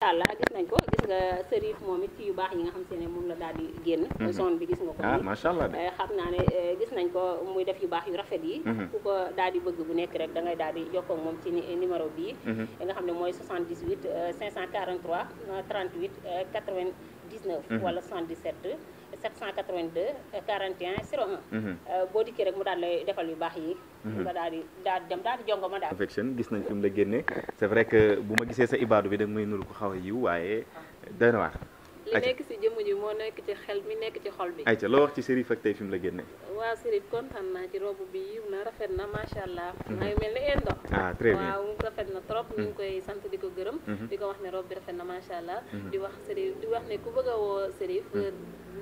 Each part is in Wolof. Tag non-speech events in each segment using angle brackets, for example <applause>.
incha allah gis nañ ko gis nga sëriñ moom ci yu baax yi nga xam se moom la daal di génn mhm. zone bi gis nga ko ah macha allah eh, xam naa ne eh, gis nañ ko muy def yu baax yu rafet yi mhm. ku ko daal di bëgg bu nekk rek dangay ngay daal di jokkoo ak moom ci numéro bii mhm. nga xam ne mooy 78 543 38 99 wala 77 782 41 01. boo dikkee rek mu daal lay defal yu baax yi. Mhm. nga daal di daal dem daal di jongo daal. gis nañ fi la génnee c'est vrai que bu ma gisee sa ibaadu bi da muy nuru ko xaw a yiw waaye doy li nekk ci jëmm ji moo nekk ci xel mi nekk ci xol bi. ayca loo wax ci Chérif ak tey fi la génne. waaw Chérif kontaan naa ci robe bi yiw na rafet na macha allah. Mhm. may mel ni endo. ah très rafet na trop. ñu ngi mhm. koy sant di ko gërëm. di di wax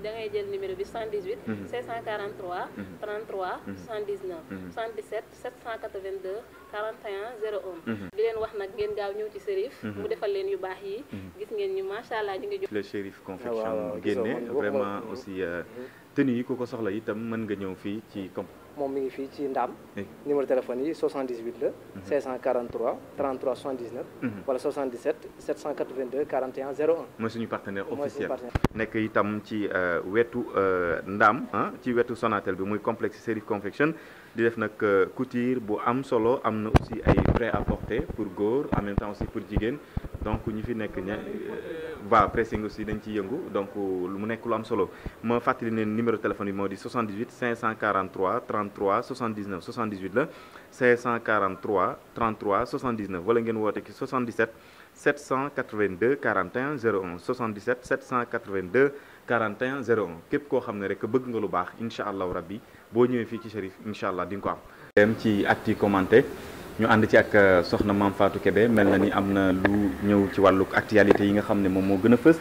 da ngay jël numéro bi 118. 543. 33 119. 77 782 41 01. di leen wax nag ngeen gaaw ñëw ci Cherif. Mhm. mu defal leen yu baax yi. Mhm. gis ngeen ñu macha allah ñu ngi jox. le Cherif confection ah, génne vraiment aussi euh, mhm. tenue yi ku ko soxla itam mën nga ñëw fii ci comp. moom mi ngi fii ci Ndaam numéro téléphone yi 78 la 543 33 79 wala 77 782 41 01 mooy suñu partenaire officiel nekk itam ci euh, wetu euh, Ndaam ci wetu Sonatel bi muy complex Serif Confection di def nag euh, couture bu am solo am na aussi ay prêt à porter pour góor en même aussi pour jigéen donc ñu fi nekk ña va euh, pressing aussi dañ ci yëngu donc euh, lu mu nekk lu am solo ma fàttali ne numéro téléphone bi moo di 78 543 33 79 78 la 543 33 79 wala ngeen woote ki 77 782 41 01 77 782 41 01 képp koo xam ne rek bëgg nga lu baax incha allahu rabbi boo ñëwee fii ci Cherif incha allah di nga ko am. dem ci ñu ànd ci ak euh, soxna Mame Fatou Kébé mel na ni am na lu ñëw ci wàllu actualité yi nga xam ne moom moo gën a fës.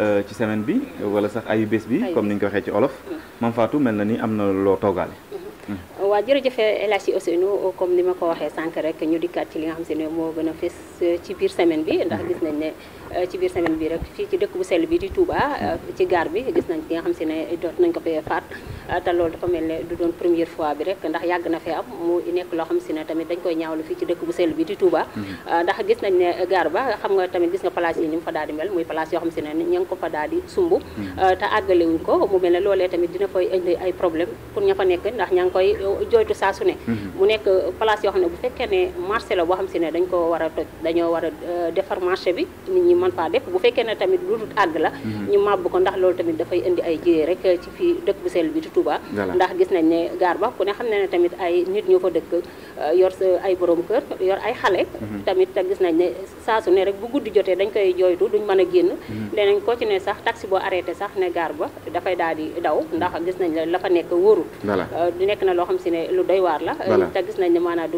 Euh, ci semaine bi wala sax ayu bés bi comme ni ñu ko waxee ci olof Mame faatu mel na ni am na loo toogaale mm-hmm. waaw jërëjëf El Hadji Ousseynou comme ni ma ko waxee sànq rek ñu dikkaat ci li nga xam se moo gën a fës euh, ci biir semaine bi ndax gis nañ ne Euh, ci biir semaine bi rek fii ci dëkk bu sell bi di Touba euh, ci gaar bi gis nañ nga xam si ne doot nañ ko fee faat euh, te loolu dafa mel ne du doon première fois bi rek ndax yàgg na fee am mu nekk loo xam si ne tamit dañ koy ñaawlu fii ci dëkk bu bi di Touba mhm. ndax gis nañ ne gaar ba xam nga tamit gis nga place yi ni mu fa daal di mel muy place yoo xam si ne ña ngi ko fa daal di sumb mhm. te àggalewuñ ko mu mel ne loolee tamit dina fay indi ay problème pour ña fa nekk ndax ña ngi koy jooytu saa su ne mhm. mu nekk place yoo xam ne bu fekkee ne marché la boo xam si ne dañ ko war a toj dañoo war a defar marché bi ñi man mën faa def bu fekkee ne tamit lu dul àgg la mhm. ñu màbb ko ndax loolu tamit dafay indi ay jiyee rek ci fii dëkk bu sel bi di Touba ndax gis nañ ne gaar ba ku ne xam ne ne tamit ay nit ñoo fa dëkk euh, yor sa ay borom kër yor ay xale mhm. tamit te gis nañ ne saa su ne rek bu guddi jotee dañ koy jooytu duñ mën a génn leneen mhm. nañ ci ne sax taxi boo arrêté sax ne gaar ba dafay daal di daw ndax gis nañ la la fa nekk wóorut euh, nekk na loo xam si ne lu doy waar la te gis nañ ne maanaam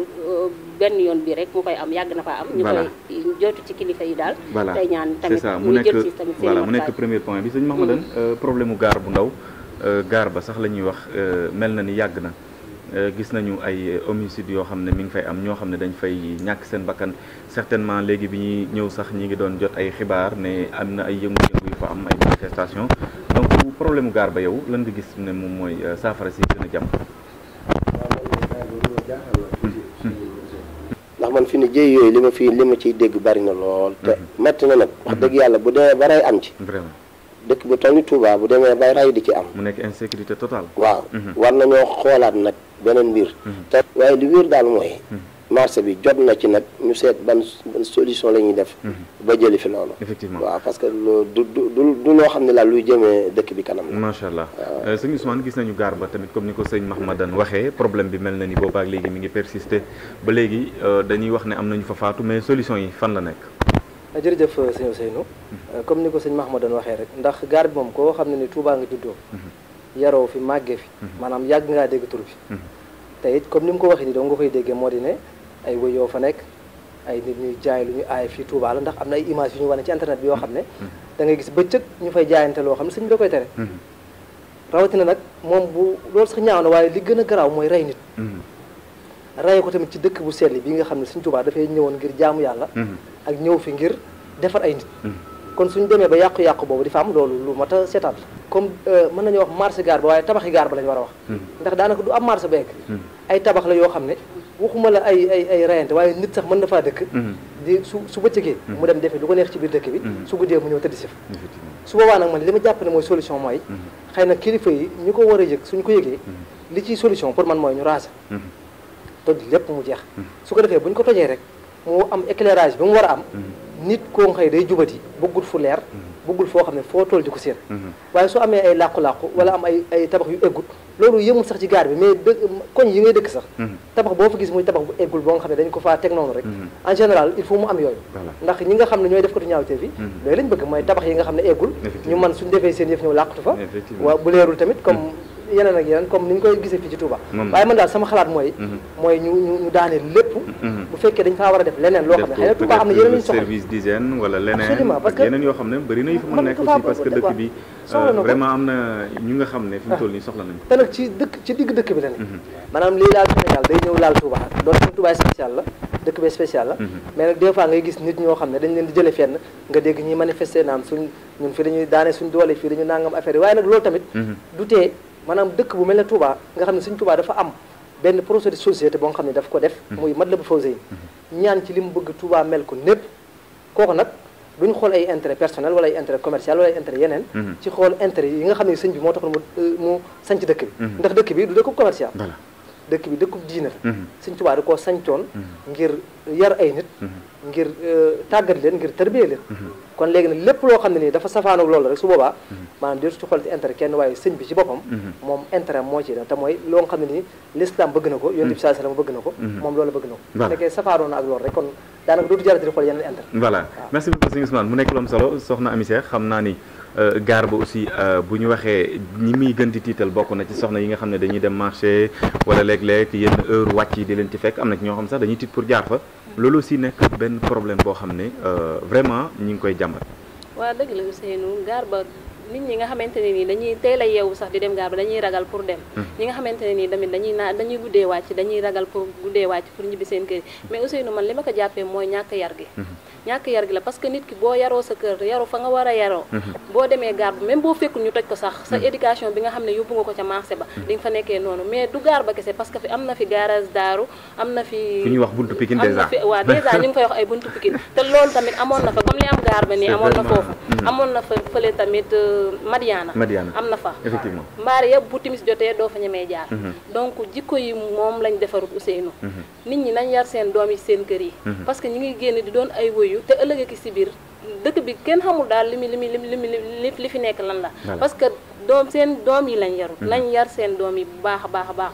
benn yoon bi rek mu koy am yàgg na fa am. ñu koy jootu ci kilifa yi daal. voilà ñaan tamit mu nekk premier point bi sëñ Mahmadan mm. euh, problème mu gaar bu ndaw euh, gaar ba sax la ñuy wax euh, mel na ni yàgg na. gis nañu ay homicide yoo xam ne mi ngi fay am ñoo xam ne dañ fay ñàkk seen bakkan certainement léegi bi ñuy ñëw sax ñi ngi doon jot ay xibaar ne am na ay yëngu-yëngu yu fa am ay manifestation donc problème gaar ba yow lan nga gis ne moom mooy saafara si gën a jàmm. fi ne jëy yooyu li ma fi li ma ciy dégg bari na lool te mhm. metti na nag wax mhm. dëgg yàlla bu demee ba rey am ci dëkk bu toll ni Touba bu demee ba rey di ci am mu nekk insécurité totale waaw mhm. war nañoo xoolaat nag beneen mbir te waaye li wér daal mooy marché bi jot na ci nag ñu seet ban ban solution la ñuy def. Mhm. ba jëli fi loolu. effectivement waaw parce que du du du loo xam ne la luy jëmee dëkk bi kanam la. macha allah euh, sëñ Ousmane gis nañu gaar ba tamit comme ni ko sëñ Mahmadan waxee problème bi mel na ni boobaak léegi mi ngi persister ba léegi euh, dañuy wax ne am nañu fa faatu mais solution yi fan la nekk. Euh, jërëjëf sëñ Ousseynou. Mhm. comme ni ko sëñ Mahmadan waxee rek ndax gaar bi moom koo xam ne ni Touba nga juddoo. Mhm. yaroo fi màggee fi. maanaam yàgg ngaa dégg tur bi. te comme ni mu ko waxee nii doo nga koy déggee moo di ne ay wëyoo fa nekk ay nit ñuy jaay lu ñu aay fii Touba la ndax am na ay image yu ñu wane ci internet bi yoo xam ne mm-hmm. da ngay gis bëccëg ñu fay jaayante loo xam ne sëñ bi da koy tere mm-hmm. rawatina nag moom bu loolu sax ñaaw na waaye li gën a garaaw mooy rey nit mm-hmm. rey ko tamit ci dëkk bu sell bi nga xam ne sëñ Touba dafay ñëwoon ngir jaamu yàlla ak ñëw fi ngir defar ay nit kon suñu demee ba yàqu-yàqu boobu di fa am loolu lu mat a seetaat la comme euh, mën nañu wax marché gaar ba waaye tabaxi gaar ba lañu war a wax ndax daanaka du am marché beeg ay tabax la yoo xam ne waxuma la ay ay ay rayante waaye nit sax mën na faa dëkk mhm. di su su bëccëgee mhm. mu dem defee lu ko neex ci biir dëkk bi mhm. su guddee mu ñëw tëdd si fa su boobaa nag man li ma jàpp ne mooy solution mooy xëy na kilifa yi ñu ko war a yëg suñ ko yëgee li ci solution pour man mooy ñu raser toj lépp mu jeex su ko defee bu ñu ko tojee rek moo am éclairage bi mu war a am nit koo xëy day yi bëggul fu leer bëggul foo xam ne foo toll di ko seen waaye su amee ay làqu-làqu wala am ay ay tabax yu ëggut loolu yëmul sax ci gaar bi mais dë koñ yi ngay dëkk sax mhm. tabax boo fa gis muy tabax bu eggul boo nga xam ne dañ ko faa teg noonu rek mhm. en général il faut mu am yooyu ndax ñi nga xam ne ñooy def ko tu ñaawtee fi loolu lañ bëgg mooy tabax yi nga xam ne eggul ñu man suñ defee seen yëf ñëw làqatu fa waaw bu leerul tamit comme mhm. yeneen ak yeneen comme ni ñu koy gisee fii ci Touba waaye man daal sama xalaat mooy mhm. mooy ñu ñu daanee lépp mhm. bu fekkee dañ faa war a def leneen loo xam ne xëy na euh, ah. toll nii soxla nañ te ci dëkk ci digg dëkk bi la ne mhm. maanaam lii laal Sénégal day ñëw laal Touba doon Touba spécial la dëkk bi spécial la mais nag des fois ngay gis nit ñoo xam ne dañ leen jële fenn nga dégg ñuy manifester naan suñ ñun fi dañuy daane suñ doole fii dañu nangam affaire yi waaye maanaam dëkk bu mel ne Touba nga xam ne Sëñ Touba dafa am benn projet de société boo xam ne daf ko def mhm. muy Matlabul Fawzayni mhm. ñaan ci li mu bëgg tuubaa mel ko népp kooku nag ñu xool ay intérêt personnel wala ay intérêt commercial wala ay intérêt yeneen mhm. ci xool intérêt yi nga xam ne sëñ bi moo taxoon mu euh, sanc dëkk bi ndax dëkk bi du dëkkub commercial dëkk bi dëkkub diina la sëñ Tuubaa da koo sancoon ngir yar ay nit ngir euh, tàggat leen ngir tërbiyee leen kon léegi nag lépp loo xam ne nii dafa safaanoog loolu su boobaa maanaam di ci xool ci intérêt kenn waaye sëñ bi ci boppam mhm. moom intérêt moo ci da te na ko yonent bi mhm. sallallahu alayhi wasallam bëgg na ko mhm. moom loolu bëgg nekk naa ni euh, gaar ba aussi euh, bu ñu waxee ñi muy tiital bokk na ci soxna yi nga xam ne dañuy dem marché wala léeg-léeg yenn heure wàcc yi di leen ci fekk am na ñoo xam sax dañuy tiit pour jaar fa loolu benn problème boo xam ne euh, vraiment ñi ngi koy jàmbat waaw dëgg la Ousseynou gaar ba nit ñi nga xamante ne nii dañuy teel a yeewu sax di dem gaar ba dañuy ragal pour dem hmm. ñi nga xamante ne nii tamit dañuy naa dañuy guddee wàcc dañuy ragal pour guddee wàcc pour ñibbi seen kër yi mais aussi nu man li ma ko jàppee mooy ñàkk yar gi hmm. ñàkk yar gi la parce que nit ki boo yaroo sa kër yaroo fa nga war a yaroo hmm. boo demee gaar ba même boo fekkul ñu toj ko sax sa éducation bi nga xam ne yóbbu nga ko ca marché ba di nga fa nekkee noonu mais du gaar ba kese parce que fi am na fi garage daaru am na ñuy wax buntu pikin ñu ngi fay wax ay buntu pikin <laughs> te loolu comme li am gaar ba nii amoon na foofu mhm. amoon na fa fële tamit euh, Madiana Madiana am na fa effectivement mbaar bu timis jotee doo fa ñemee jaar mhm. donc jikko yi moom lañ defarut Ousseynou mhm. nit ñi nañ yar seen doom yi seen kër yi parce que ñu ngi génn di doon ay woyu te ëllëg ki si biir dëkk bi kenn xamul daal li mu li mu li mu li fi nekk lan la parce que doom seen doom yi lañ yarut nañ yar seen doom yi bu baax a baax a baax